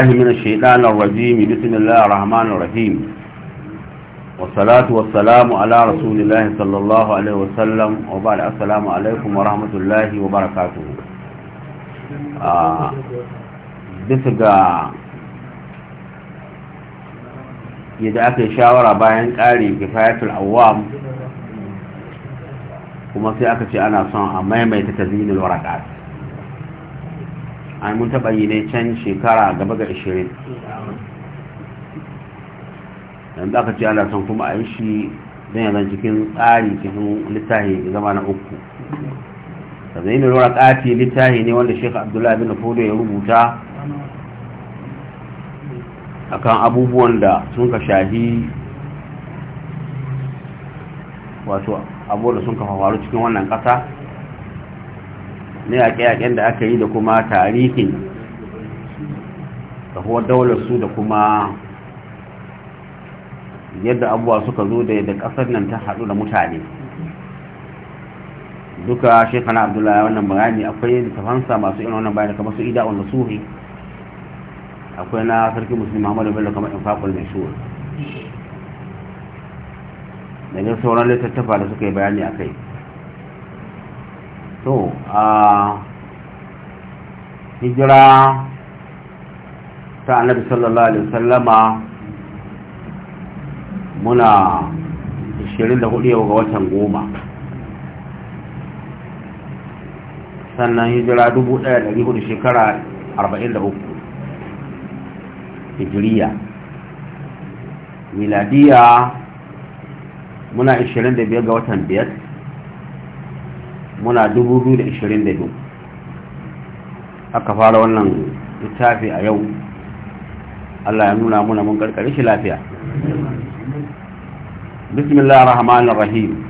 من الشيطان الرجيم بسم الله الرحمن الرحيم والصلاة والسلام على رسول الله صلى الله عليه وسلم وبعد السلام عليكم ورحمة الله وبركاته bisa ga yadda aka yi shawara bayan ƙari kifayatul awam kuma sai aka ce ana son a maimaita tazinul warakat a mun taɓa yi ne can shekara gaba ga 20 yanzu aka ce ana son kuma a yi shi don yanzu cikin tsari cikin littafi zama na uku sannan yin lura ƙafi littafi ne wanda shekha abdullahi bin fodo ya rubuta akan abubuwan da sun ka shahi wato abubuwan da sun ka faru cikin wannan ƙasa na yaƙe-yaƙen da aka yi da kuma tarihin kahuwar daular su da kuma yadda abubuwa suka zo da yadda ƙasar nan ta haɗu da mutane duka shekana abdullahi wannan bayani akwai tafansa masu irin wannan bayani kamar su ida wanda suhi akwai na sarki musulmi muhammadu bello kamar infaqul mai da daga sauran littattafa da suka yi bayani kai. to a hijira ta annabi sallallahu alaihi wasallama muna 24 yau ga watan goma sannan hijira 1400 shekara 43 hijiriya miladiya muna 25 ga watan biyar. muna 2022 aka fara wannan littafi a yau Allah ya nuna muna mun karkare shi lafiya bismillah rahman rahim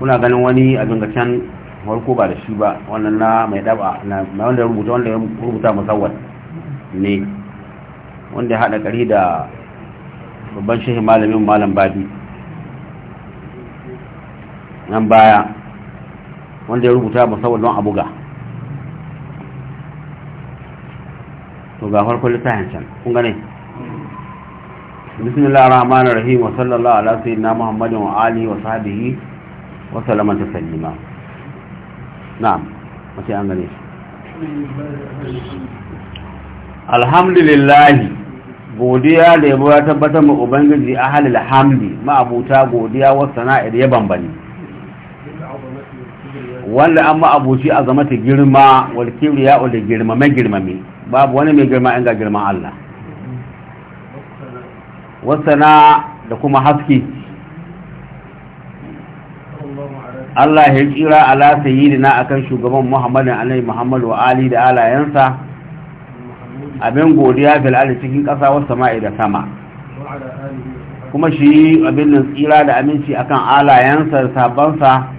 kuna ganin wani abin da can farko ba da shi ba wannan na mai daba na wanda ya rubuta wanda ya rubuta musawwad ne wanda ya hada kari da babban shehi malamin malam babi nan baya wanda ya rubuta musamman don abu ga to ga farko littafin can kun gane bismillah rahman rahim wa sallallahu ala sayyidina muhammadin wa alihi wa sahbihi wa sallama taslima na'am mace an gane alhamdulillah godiya da yabo ya tabbatar ma ubangiji ahalil hamdi ma abuta godiya wa sana'ir ya bambani wanda an ma'abuci a zama ta girma wal kibriya da girmame girmame babu wani mai girma inga ga girman Allah wasana da kuma haske Allah ya tsira ala sayyidina akan shugaban Muhammadin alai Muhammad wa ali da alayansa abin godiya fil ali cikin kasa wasu sama'i da sama kuma shi abin tsira da aminci akan alayansa da sabansa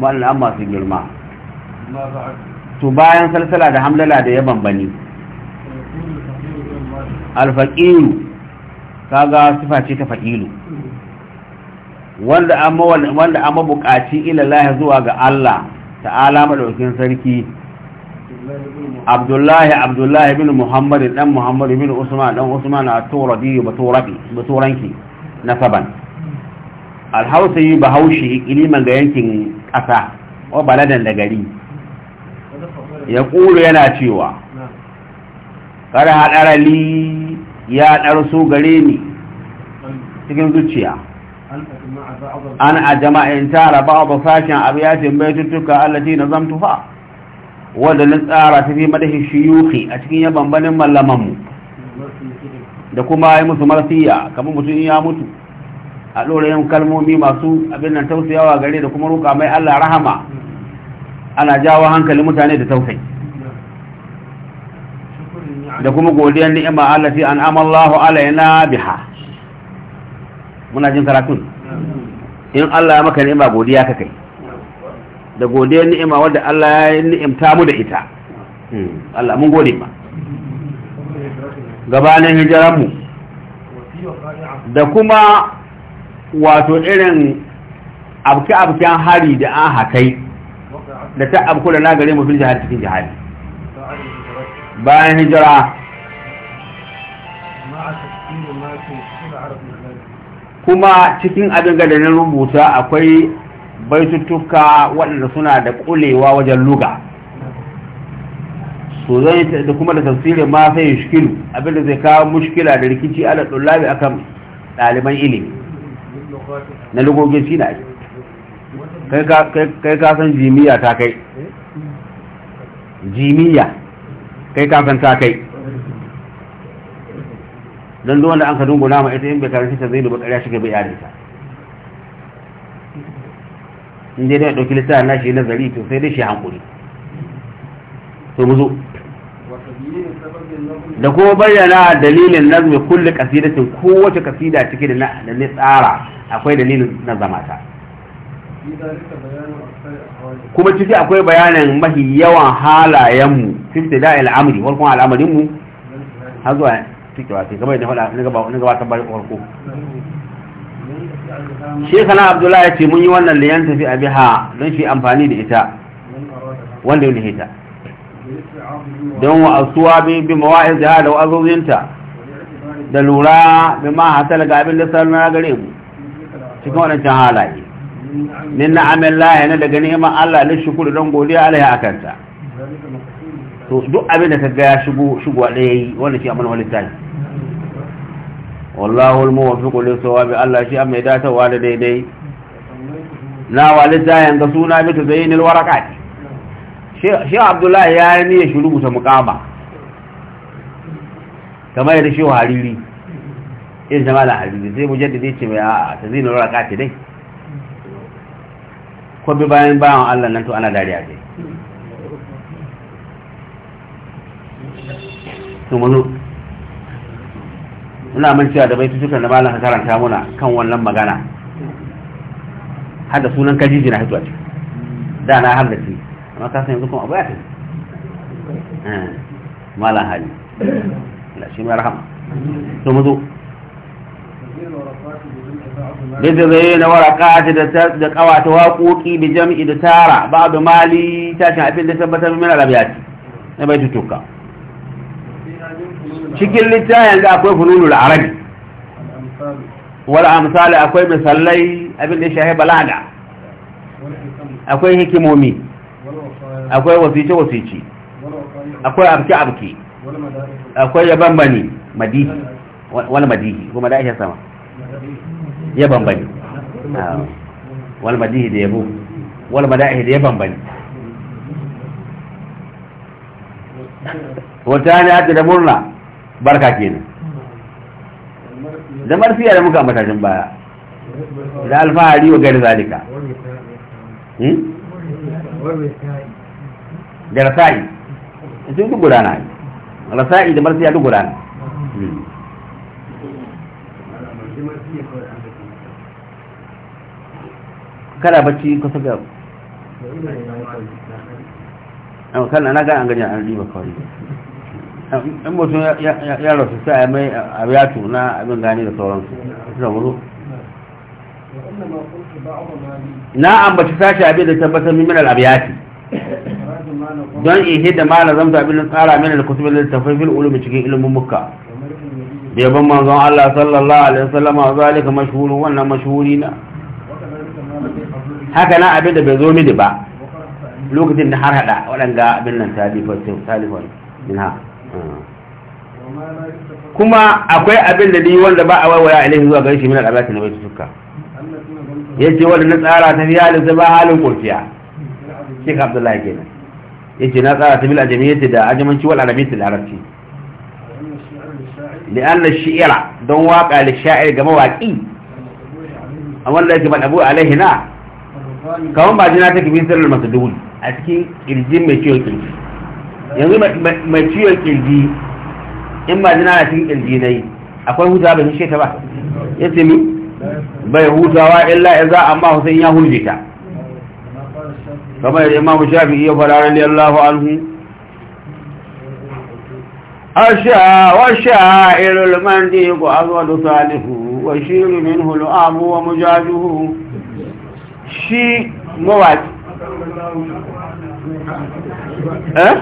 wannan masu girma to bayan salsala da hamlala da ya bambani alfaƙiru kaga sifa ce ta faƙilu wanda amma wanda amma buƙaci ilallahi zuwa ga Allah ta'ala madaukin sarki Abdullahi Abdullahi bin Muhammad dan Muhammad bin Usman dan Usman na Turabi na saban. alhausa yi bahaushe iliman ga yankin ƙasa wa baladan da gari ya ƙuru yana cewa haɗara haɗarali ya ɗarso gare ni cikin zuciya an a jama'in tara ba a sashen abu ya ce mai tuttuka allaci na zamtufa wadda na tsara ta fi madashi shiyuki a cikin yaban banin mallamanmu da kuma yi musu marsiya kamar mutum ya mutu a ɗorayen kalmomi masu abin nan tausayawa gare da kuma roƙa mai Allah rahama ana jawo hankali mutane da tausayi da kuma godiyar ni'ima Allah fi an'ama Allahu alaina biha muna jin karatun in Allah ya maka ni'ima godiya ka kai da godiyar ni'ima wadda Allah ya yi ni'imta mu da ita hmm. Allah mun gode ba gabanin hijiran mu da kuma wato irin abke-abken hari da an hakai da ta abku da na gare jihar cikin jihar bayan hijira kuma cikin abin da na rubuta akwai baitutuka waɗanda suna da ƙulewa wajen luga so zai da kuma da tafsirin ma sai shikilu abinda zai kawo mushkila da rikici ala ɗullabi akan ɗaliban ilimi na lugogin shi na ake kai kasan jimiyya ta kai jimiyya kai kasan ta kai don da an ka dungu nama ita yin bai shi ta zai dubu ƙarya shiga bai yare ta inda dai ɗauki shi na nazari to sai dai shi hankuri to mu zo da kuma bayyana dalilin nazmi kulle kasidatin kowace kasida cike da na tsara akwai dalilin na zama ta kuma ciki akwai bayanin mahi yawan halayenmu fifta da wani warkon al'amarinmu har zuwa ciki wasu gaba da na na ta bari warko shekana abdullahi ya ce mun yi wannan liyan tafi a biha don shi amfani da ita wanda yi hita don asuwa bi mawa'iz da wa'azozinta da lura bi ma hasala ga abin da sarari na gare mu cikin wadancan halaye min na'amin laye na daga neman Allah na shukuru don godiya alaiya a kanta to duk abin da ka ga ya shigo shigo ɗaya yi wanda shi amana wani tani wallahu almuwaffiqu lis-sawabi Allah shi amma da tawa da daidai na walida yanga suna zai bi tazayin alwaraqat shi Abdullahi ya yi ne shi rubuta mukama? kamar yadda shi hariri in zama da habibi zai mujaddidi ce mai a ta zina raka ce dai ko bi bayan bayan Allah nan to ana dariya dai to mazo muna man cewa da bai tutukan da malam karanta muna kan wannan magana hada sunan kajiji na hituwa ce da na har da ce amma ka san yanzu kuma abu ya tafi malam hali Allah shi mai rahama to mazo lizirina warakati da kawata waƙoƙi bi jam'i da tara ba da mali tashin abin da tabbatar mina rabiyati na bai tuka. cikin littafin da akwai fununu da arabi wala amsali akwai misalai abin da shahe balaga akwai hikimomi akwai wasice wasice akwai abki abki akwai yaban bani madihi wani madihi kuma da ake sama ya bambani wal madihi da yabo wal madahi da ya bambani wata ne ake da murna barka kenan da marfiya da muka matashin baya da alfahari wa gari zalika hmm? da rasa'i sun duk gudana rasa'i da marfiya duk gudana hmm. Kada bacci kusa ga an kana na gani an gani an riba kawai in mutum ya rasu sai a mai abiyatu na abin gani da sauransu suna wuro na ambaci sashi abin da tabbatar min minal abiyati don in hidda ma na zamta abin tsara min da kutubin da tafafil ulumi cikin ilimin muka da yaban manzon Allah sallallahu alaihi wasallam zalika mashhurun wannan mashhuri na haka na abin da bai zo mini ba lokacin da har hada waɗanda abin nan talifon min ha kuma akwai abin da ni wanda ba a waiwaya ilaihi zuwa gari shi min al'abati bai waisu suka ya ce wanda na tsara ta fiya halin zaba halin kurfiya shi ka abdullahi nan. ya ce na tsara ta bil ajamiyyati da ajamanci wal arabiyyati da arabci لأن الشعر دون ga mawaƙi. A wanda ya يجب أن أبوه alaihi na. kawon jina ta kibin sirrin masu duhun a cikin kirji mai ciwon kirji yanzu mai ciwon kirji in jina a cikin kirji na yi akwai hutawa ba shi ta ba ya ce mi bai hutawa illa ya za amma hussein ya hurje ta kamar yadda imamu shafi iya fara radiyallahu anhu أشاء وشائر المنديق wa صالح وشير منه الآب ومجاجه shi mawaki eh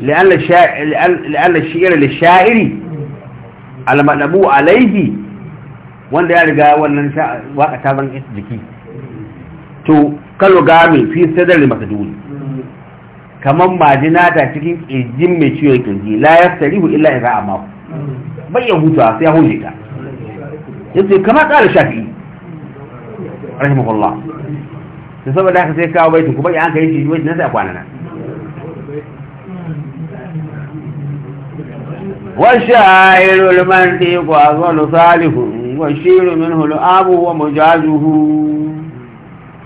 لأن الشاعر لأن الشعر للشاعر على ما نبو عليه wanda ya riga wannan waka ta zan jiki to kalu gami fi sadar da makaduni kamar majina ta cikin kirjin mai ciwon kirji la ya sarihu illa idza ra'a bai ya huta sai ya huje ta yace kama kala shafi'i rahimahullah sai saboda haka sai kawo baitin kuma an kai shi baitin sai kwana nan والشاعر المنطق أظل صالح والشير منه الآب ومجازه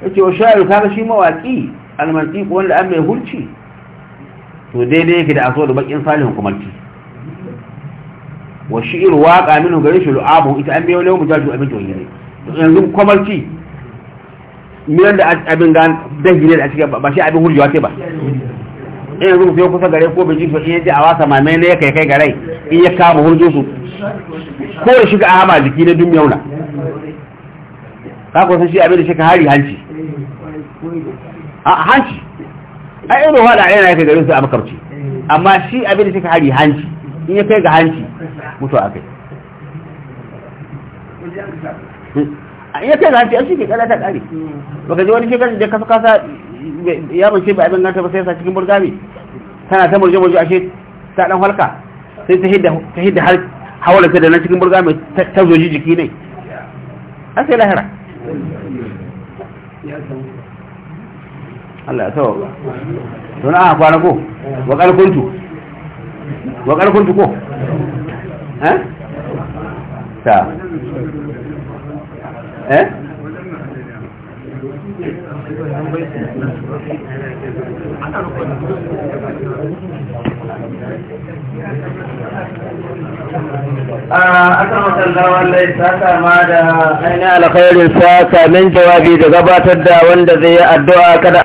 kace wa sha'ir kaga shi mawaki almantiq wanda an mai hulci to daidai yake da aso da bakin salihun ki wa shi'ir waqa minhu gari shi lu'abu ita an biyo lawu mujaju abin to ne yanzu kumalci miran da abin gan dangine da cikin ba shi abin huljiwa ce ba eh yanzu sai kusa gare ko biji so yaje a wasa mamai ne kai kai gare in ya kama huljo su ko ya shiga a jiki na dunyauna ka ko san shi abin da shi ka hari hanci hanci a irin wada yana yake garin su a makarci amma shi abin da suka hari hanci in ya kai ga hanci mutu a kai hmm. in ya kai ga hanci a shi ke kala ta kare baka ji wani shekaru da kasa kasa ya mace ba abin ganta ba sai sa cikin burgami tana ta murje murje shi ta dan halka sai ta hidda har hawala ta da nan cikin burgami ta zoji jiki ne an sai lahira Allah ya tawo don a kwana ko wa karkuntu wa karkuntu ko eh ta eh ah, ainihin alkhairin sa min jawabi da gabatar da wanda zai yi addu'a kada